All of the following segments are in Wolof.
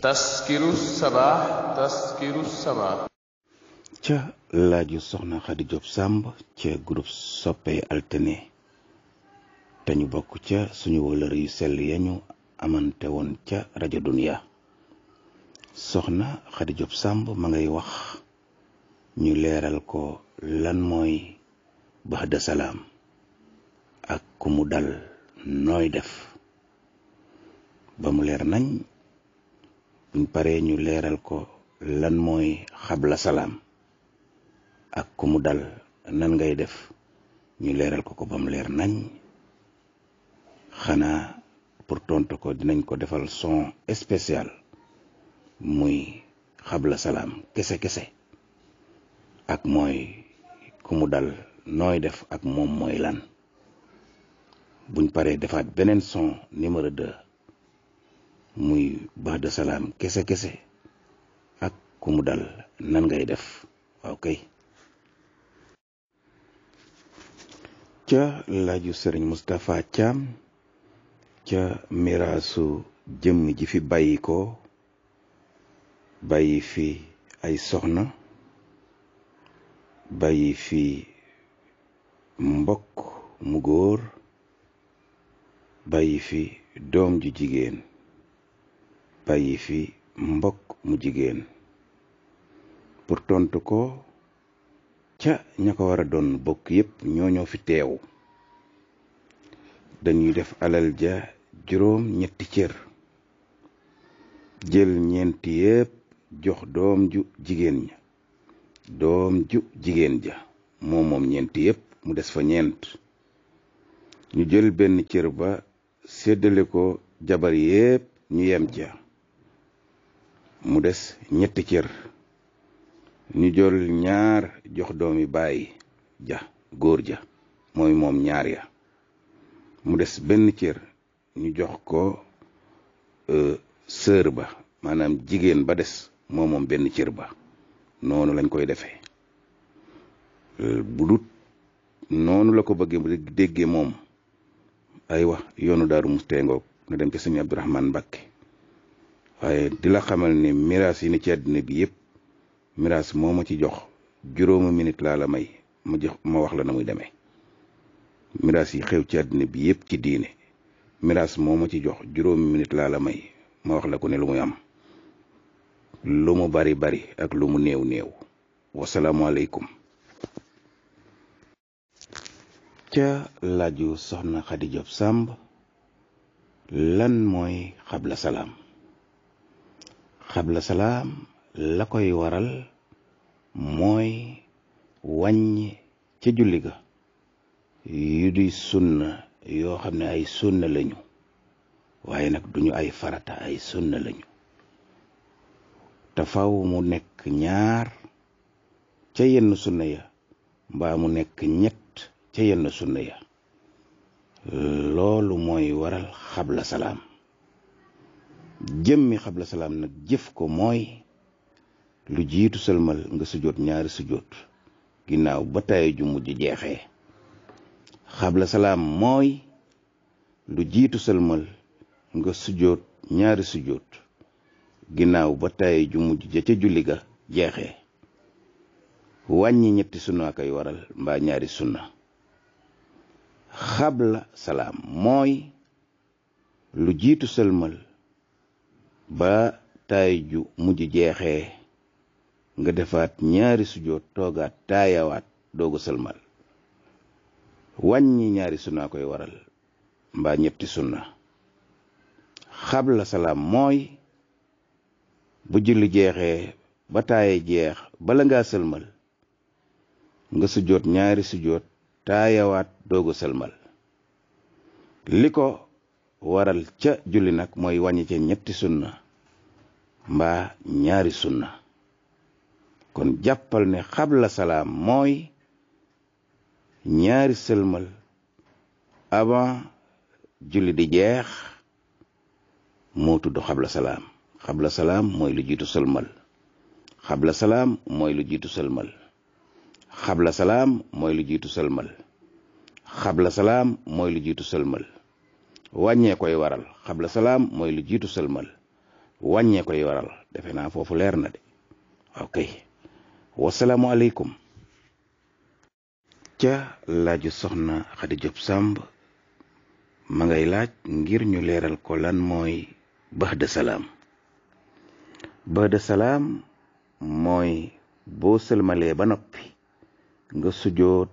taskiru sabaax taskiru laaju soxna Xadi Job Sàmb ca groupe soppe altine dañu bokk ca suñu wëlër yu sell yañu amantewoon ca rajo Dunya soxna Xadi Job Sàmb ma ngay wax ñu leeral ko lan mooy baxda salaam ak kumu dal nooy def ba mu leer nañ buñ paree ñu leeral ko lan mooy xabla salaam ak ku dal nan ngay def ñu leeral ko ko ba mu leer nañ xanaa pour tontu ko dinañ ko defal son spécial muy xabla salaam kese kese ak mooy ku dal nooy def ak moom mooy lan buñ paree defaat beneen son numéro de muy baax de salaam kese kese ak ku mu dal nan ngay def waaw kay ca laaju sëriñ Moustapha Thiam ca miraasu jëmm ji fi bàyyi ko bàyyi fi ay soxna bàyyi fi mbokk mu góor bàyyi fi doom ju jigéen bàyyi fi mbokk mu jigéen pour tontu ko ca ña ko war a doon bokk yépp ñooñoo fi teew dañuy def alal ja juróom ñetti cër jël ñeenti yépp jox doom ju jigéen ña doom ju jigéen ja moom moom ñeenti yépp mu des fa ñeent ñu jël benn cër ba séddale ko jabar yépp ñu yem ja mu des ñetti cër ñu jol ñaar jox doomi baay ja góor ja mooy moom ñaar ya mu des benn cër ñu jox ko e, sër ba maanaam jigéen ba des moo moom benn cër ba noonu lañ koy defee e, bu noonu la ko bëggee déggee moom aywa yoonu daaru musteengoog na dem ci sëñ Abdourahman Mbakke waaye di la xamal ni miraas yi ne ci àddina bi yëpp miraas moo ma ci jox juróomi minit laa la may ma jox ma wax la na muy demee miraas yi xew ci àddina bi yëpp ci diine miraas moo ma ci jox juróomi minit laa la may ma wax la ko ne lu muy am lu mu bari bari ak lu mu néew néew wasalaamualeykum. ca laaju soxna Xadi Job Sàmb lan mooy xabla salaam. xabla salaam la koy waral mooy wàññi ca julli ga yu di sunna yoo xam ne ay sunna lañu waaye nag duñu ay farata ay sunna lañu te faw mu nekk ñaar ca yenn sunna ya mbaa mu nekk ñett ca yenn sunna ya loolu mooy waral xabla salaam jëmmi xabla salaam nag jëf ko mooy lu jiitu sëlmal nga sujjoot ñaari sujjoot ginnaaw ba taaye ju mujj jeexee xabla salaam mooy lu jiitu sëlmal nga sujjoot ñaari sujjoot ginnaaw ba taaye ju mujj ja ca julli ga jeexee wàññi ñetti sunna koy waral mbaa ñaari sunna la salaam mooy lu jiitu sëlmal ba taay ju mujj jeexee nga defaat ñaari sujoot toogaat taayawaat doogu sëlmal wàññi ñaari sunna koy waral mbaa ñetti sunna xabla salaam mooy bu julli jeexee ba taaye jeex bala ngaa sëlmal nga sujoot ñaari sujoot taayawaat doogu sëlmal li ko waral ca julli nag mooy wàññi ca ñetti sunna mbaa ñaari sunna kon jàppal ne xabla salaam mooy ñaari sëlmal avant julli di jeex moo tudd xabla salaam xabla salaam mooy lu jiitu sëlmal xabla salaam mooy lu jiitu sëlmal la salaam mooy lu jiitu sëlmal la salaam mooy lu jiitu sëlmal wàññee koy waral xabla salaam mooy lu jiitu sëlmal wàññee koy waral defe naa foofu leer na de ok wasalaamualeykum ca laaju soxna Xadi Job Sàmb ma ngay laaj ngir ñu leeral ko lan mooy baxda salaam baxda salaam mooy boo sëlmalee ba noppi nga sujoot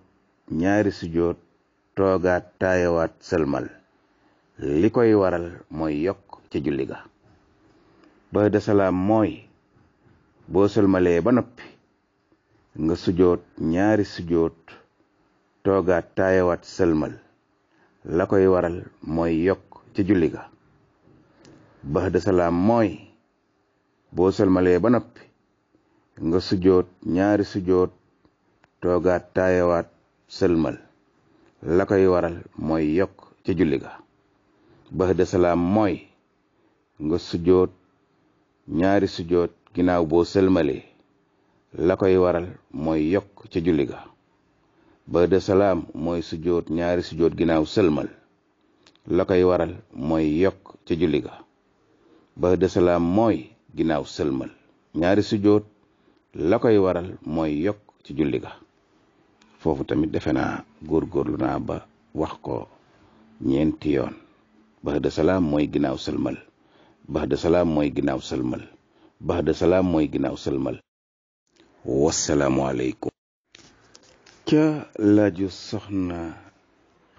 ñaari sujoot toogaat taayawaat sëlmal li koy waral mooy yokk ci julli ga ba de salaam mooy boo sëlmalee ba noppi nga sujoot ñaari sujoot toogaat taayawaat sëlmal la koy waral mooy yokk ci julli ga ba de salaam mooy boo sëlmalee ba noppi nga sujoot ñaari sujoot toogaat taayawaat sëlmal la koy waral mooy yokk ci julli ga baxda salaam mooy nga sujjoot ñaari sujjoot ginnaaw boo sëlmale la koy waral mooy yokk ca julli ga baxda salaam mooy sujjoot ñaari sujjoot ginnaaw sëlmal la koy waral mooy yokk ca julli ga ginnaaw sëlmal ñaari sujjoot la koy waral mooy yokk ci julli ga foofu tamit defe naa góorgóorlu naa ba wax ko ñeenti yoon baxda mooy ginnaaw sëlmal baxda mooy ginnaaw sëlmal baxda salaam mooy ginnaaw sëlmal wasalaamualeykum ca laaju soxna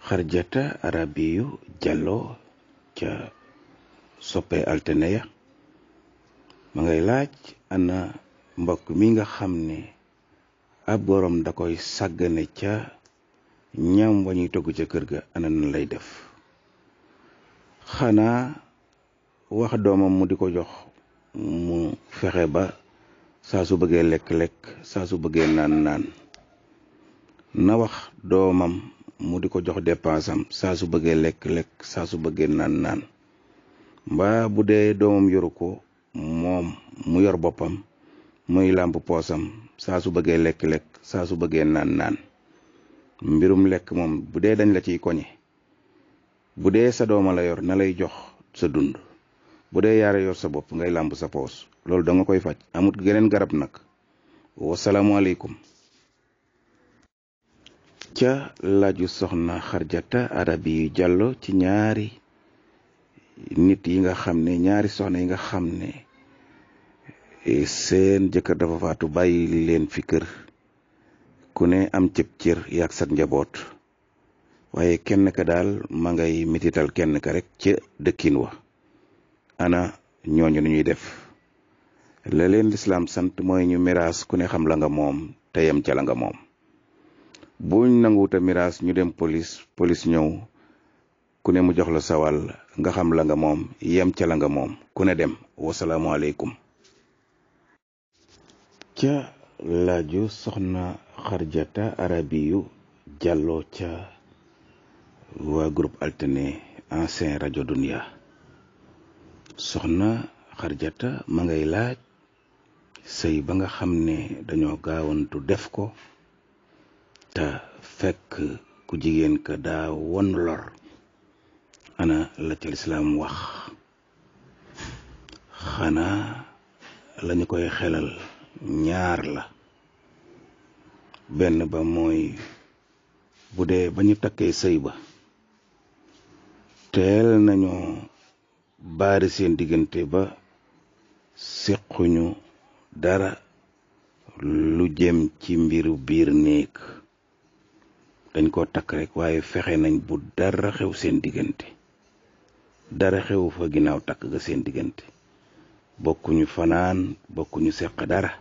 xarjata arabiyu jàlloo ca soppe alteneya ma ngay laaj ana mbokk mi nga xam ne ab borom da koy sàggane ca ñam wa ñuy togg ca kër ga ana nan lay def xanaa wax doomam mu di ko jox mu fexe ba saa su bëggee lekk-lekk saa su bëggee naan naan na wax doomam mu di ko jox dépense saa su bëggee lekk-lekk saa su bëggee naan naan mbaa bu dee doomam yoru ko moom mu yor boppam muy làmp poosam saa su bëggee lekk-lekk saa su bëggee naan naan mbirum lekk moom bu dee dañ la ciy koñe bu dee sa dooma la yor na lay jox sa dund bu dee yaara yor sa bopp ngay làmb sa poos loolu da koy faj amut geneen garab nag wasalaamualeykum ca laaju soxna xarjata arab yi jàllo ci ñaari nit yi nga xam ne ñaari soxna yi nga xam ne e, seen jëkkër dafa faatu bàyyi leen fi kër ku ne am cëb cër yaag sa njaboot waaye kenn ka daal ma ngay mitital kenn ka rek ca dëkkiin wa ana ñooñu nu ñuy def la leen lislaam sant mooy ñu miraas ku ne xam la nga moom te yem ca la nga moom buñ nanguwuta miraas ñu dem police police ku ne mu jox la sawal nga xam la moom yem ca moom ku ne dem wasalaamualeykum ca laaju soxna xarjata arabiyu jàlloo ca waa groupe altene ancien rajo Dunia soxna xarjata ma ngay laaj sëy ba nga xam ne dañoo gaawantu def ko te fekk ku jigéen ka daa won lor ana la ca lislaam wax xanaa lañu koy xelal ñaar la benn ba mooy bu dee ba ñu takkee sëy ba teel nañoo baari seen diggante ba sequñu dara lu jëm ci mbiru biir néeg dañ ko takk rekk waaye fexe nañ bu dara xew seen diggante dara xewu fa ginnaaw takk ga seen diggante bokkuñu fanaan bokkuñu seq dara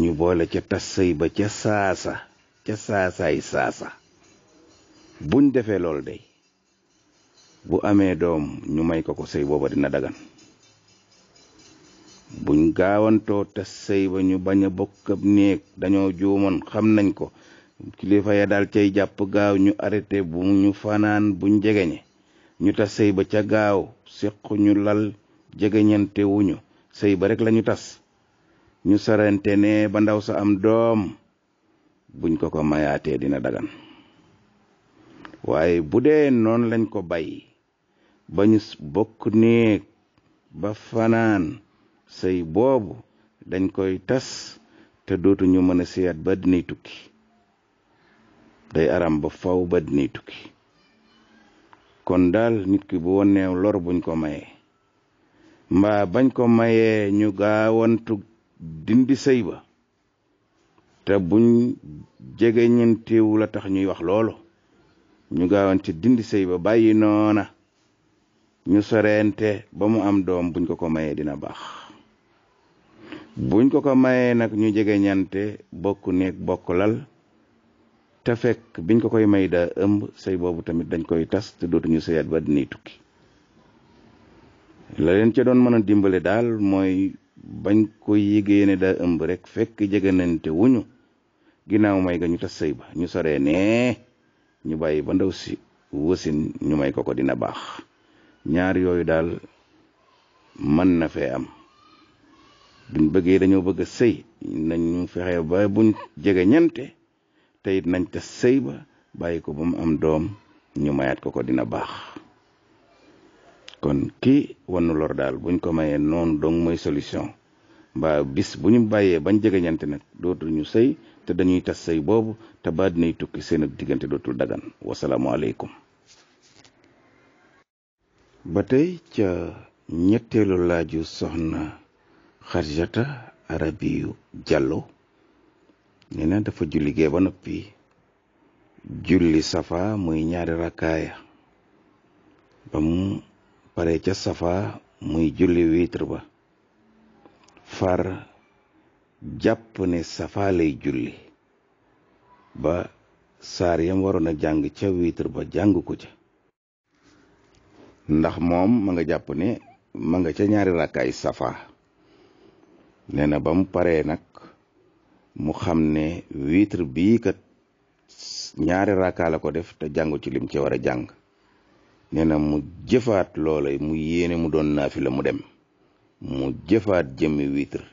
ñu boole ca tas sëy ba ca saasa ca saasaay saasa buñ defee lool dey bu amee doom ñu may ko ko sëy booba dina dagan buñ gaawantoo te sëy ñu bañ a bokk ab néeg dañoo juumoon xam nañ ko kilifa ya daal cay jàpp gaaw ñu arrêté bu ñu fanaan buñ jegeñe ñu tas sëy ba ca gaaw seq ñu lal jegeñentewuñu wuñu sëy ba rek lañu tas ñu sarante ne ba ndaw sa am doom buñ ko ko mayaatee dina dagan waaye bu dee noonu lañ ko bay ba ñu bokk néeg ba fanaan sëy boobu dañ koy tas te dootuñu mën a seyaat ba dinay tukki day aram ba faw ba dinay tukki kon daal nit ki bu woneew lor buñ ko mayee mbaa bañ ko mayee ñu gaawantu dindi sëy ba te buñ jege ñentiw la tax ñuy wax loolu ñu gaawantu dindi sëy ba bàyyi noona ñu soreente ba mu am doom buñ ko ko mayee dina baax buñ ko ko mayee nag ñu jege ñante bokk néeg bokk lal te fekk biñ ko koy may daa ëmb sëy boobu tamit dañ koy tas te dootuñu sëyaat ba dinay tukki la ca doon mën a dimbale daal mooy bañ ko yégee ne daa ëmb rekk fekk jegenante wuñu ginnaaw may ga ñu tas sëy ba ñu soree nee ñu bàyyi ba ndaw si wasin ñu may ko ko dina baax ñaar yooyu daal man na fee am buñ bëggee dañoo bëgg sëy nañu fexe ba buñ jege ñante tey it nañ te sëy ba bàyyi ko ba mu am doom ñu mayaat ko ko dina baax kon kii wannu lor daal buñ ko mayee noonu doom mooy solution mbaa bis bu ñu bàyyee bañ jege ñante nag dootul ñu sëy te dañuy tas sëy boobu te ba dinay tukki seen ak diggante dootul dagan wasalaamualeykum ba tey ca ñetteelu laaju soxna xarjata arabiyu jàllo nee na dafa julli gee ba noppi julli safa muy ñaari rakkaaya ba mu pare ca safa muy julli witre ba far jàpp ne safa lay julli ba saar yam waroon a jàng ca witre ba jàng ko ca ndax moom ma nga jàpp ne ma nga ca ñaari rakkaay safa nee na ba mu paree nag mu xam ne witre biikat ñaari rakkaa la ko def te jàngo ci lim ci war a jàng nee na mu jëfaat loola mu yéene mu doon naafi la mu dem mu jëfaat jëmmi witre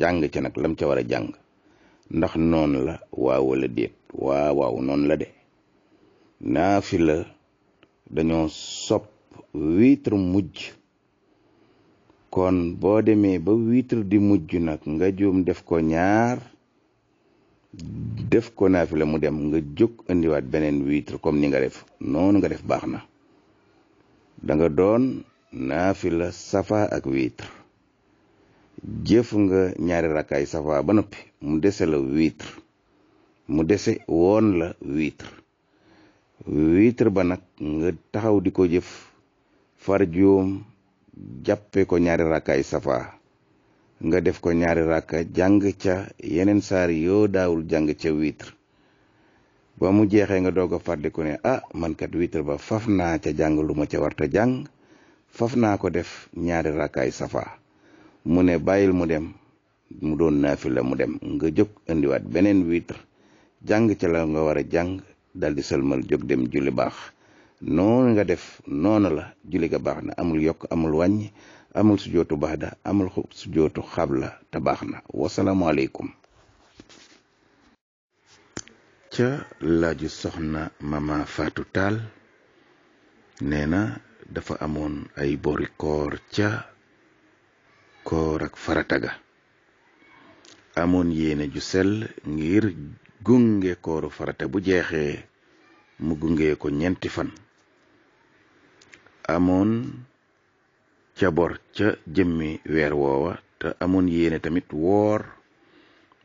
jàng ca nag lam ca war a jàng ndax noon la waaw wala déet waaw waaw la de naafi la dañoo sopp witre mujj kon boo demee ba witre di mujj nag nga juum def ko ñaar def ko naafila mu dem nga jóg indiwaat beneen witre comme ni nga def noonu nga def baax na danga doon naafi la safa ak witre jëf nga ñaari rakkaay safa ba noppi mu dese la witre mu dese woon la witre witre ba nag nga taxaw di ko jëf far juum jàppe ko ñaari rakkaay safa nga def ko ñaari rakka jàng ca yeneen saar yoo daawul jàng ca witre ba mu jeexee nga doog a fàttaliku ne ah man kat witre ba faf naa ca jàng lu ma ca warta jàng faf naa ko def ñaari rakkaay safa mu ne bàyyil mu dem mu doon la mu dem nga jóg indiwaat beneen witre jàng ca la nga war a jàng dal di sëlmal jóg dem julli baax noonu nga def noonu la julli baax na amul yokk amul wàññi amul sujootu baxda amul sujootu xabla te baax na wasalaamaaleykum ca laaju soxna mama Fatou Tall nee na dafa amoon ay bori koor ca koor ak farataga amoon yéene ju sel ngir gunge kooru farata bu jeexee mu gunge ko ñeenti fan amoon ca bor ca jëmmi weer woowa te amoon yéene tamit woor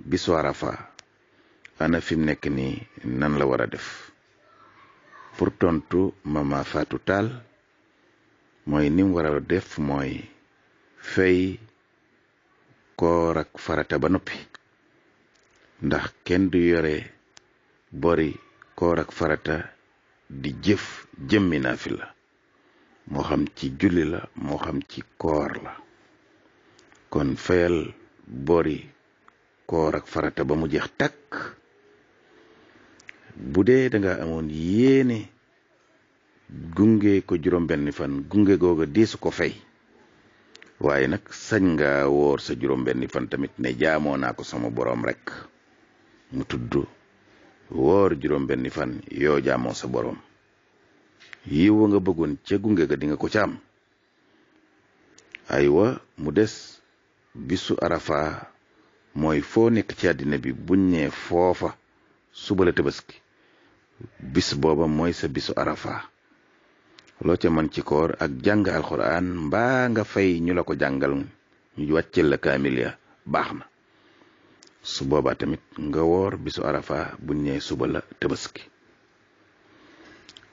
bisu Arafa ana fi nekk nii nan la war a def pour tontu mama Fatou Tall mooy nim war def mooy fay koor ak farata ba noppi ndax kenn du yore bori koor ak farata di jëf jëmmi naafila moo xam ci julli la moo xam ci koor la kon fayal bori koor farata ba mu jeex takk bu dee da nga amoon yéene gunge ko juróom-benn fan gunge googa deesu ko fay waaye nag sañ nga woor sa juróom-benn fan tamit ne jaamoo naa ko sama boroom rekk mu tudd woor juróom-benn fan yoo jaamoo sa boroom yiw a nga bëggoon ca gunge ga di nga ko ca am aywa mu des bisu arafa mooy foo nekk ci àddina bi buñ nee foofa suba la tabaski bis booba mooy sa bisu arafa loo ca man ci koor ak jàng alxuraan mbaa nga fay ñu la ko jàngal ñu wàccel la kaamil ya baax na su boobaa tamit nga woor bisu arafa buñ nee suba la tabaski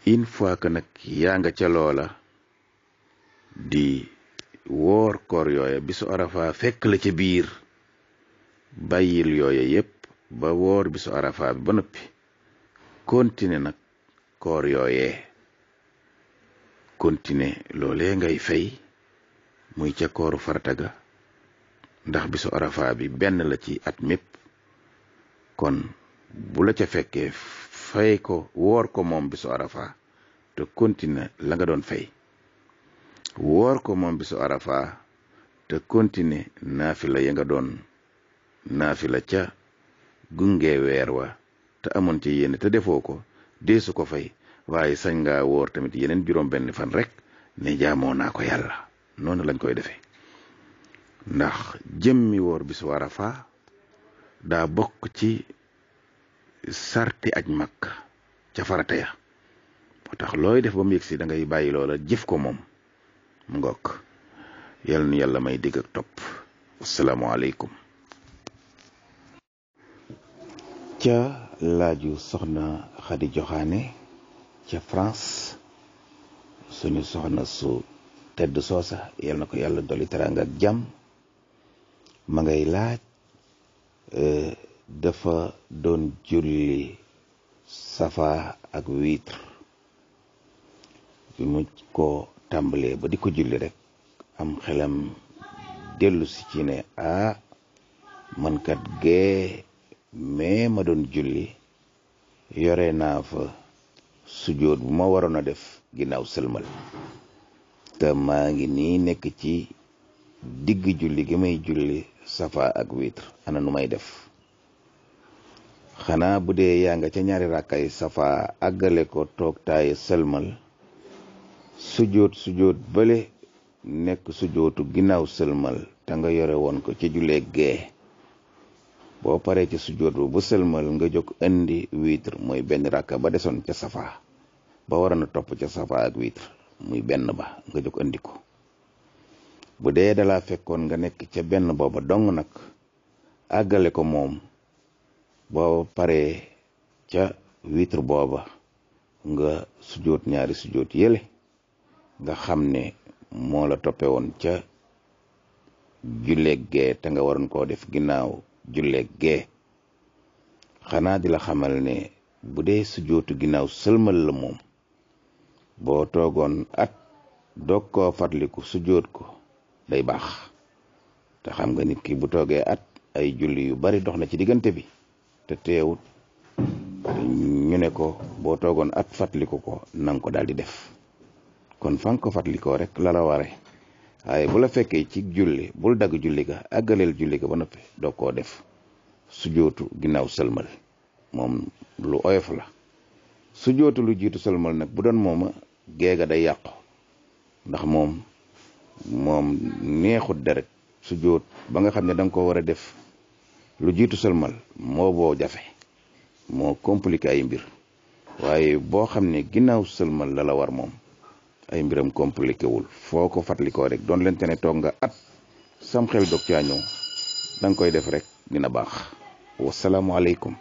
une fois que nag yaa nga ca loola di woor koor yooya bisu arafa fekk la ca biir bàyyil yooya yépp ba woor bisu arafa bi ba noppi continuer nag koor yooyee continuer loolee ngay fay muy ca kooru farataga ndax bisu arafa bi benn la ci at mépp kon bu la ca fekkee fay ko woor ko moom bisu arafa te continue la nga doon fay woor ko moom bisu arafa te continue naafila ya nga doon naafila ca gunge weer wa te amoon ci yéene te defoo ko deesu ko fay waaye sañ nga woor tamit yeneen juróom benn fan rek ne jaamoo naa ko yàlla noonu lañ koy defee ndax jëmmi woor bisu arafa daa bokk ci sarti aj mag ca farata ya moo tax looy def ba mu yëg si dangay ngay bàyyi loola jëf ko moom mu ngoog yal na yàlla may dégg ak topp asalaamaaleykum ca laaju soxna xadi joxaane ca France suñu soxna su tedd soosa yal na ko yàlla dolli teraanga ak jàmm ma ngay laaj euh, dafa doon julli safa ak witre bi mu ko tàmbalee ba di ko julli rek am xelam dellusi ci ne ah man kat gee mais ma doon julli yore naa fa sujoot bu ma waroon a def ginnaaw sëlmal te maa ngi nii nekk ci digg julli gi may julli safa ak witre ana nu may def xanaa bu dee yaa nga ca ñaari rakkay safa àggale ko toog taay sëlmal sujoot sujoot bële nekk sujootu ginnaaw sëlmal te nga yore woon ko ci julee gee boo paree ca sujoot bu bu sëlmal nga jóg indi witre mooy benn rakka ba desoon ca safa ba waroon na topp ca safa ak witre muy benn ba nga jóg indi ko bu dee dalaa fekkoon nga nekk ca benn booba dong nag àggale ko moom boo paree ca witre booba nga sujoot ñaari sujoot yële nga xam ne moo la toppe woon ca julleeg gee te nga waroon koo def ginnaaw julleeg gee xanaa di la xamal ne bu dee sujootu ginnaaw sëlmal la moom boo toogoon at doog koo fàttaliku sujoot ko day baax te xam nga nit ki bu toogee at ay julli yu bari dox na ci diggante bi te teewut ñu ne ko boo toogoon at fàttaliku ko nang ko daal di def kon fa ko fàttalikoo rek la ware waaye bula fekkee ci julli bul dagg julli ga àggaleel julli ga ba noppi doo koo def su jootu ginnaaw sëlmal moom lu oyof la su jootu lu jiitu sëlmal nag bu doon mooma géega day yàqu ndax moom moom neexut deret su joot ba nga xam ne da ko war a def lu jiitu sëlmal moo boo jafe moo compliqué ay mbir waaye boo xam ne ginnaaw sëlmal la la war moom ay mbiram compliqué wul foo ko fàttalikoo rek doon leen te toog nga at sam xel dog caa koy def rek dina baax wasalaamualeykum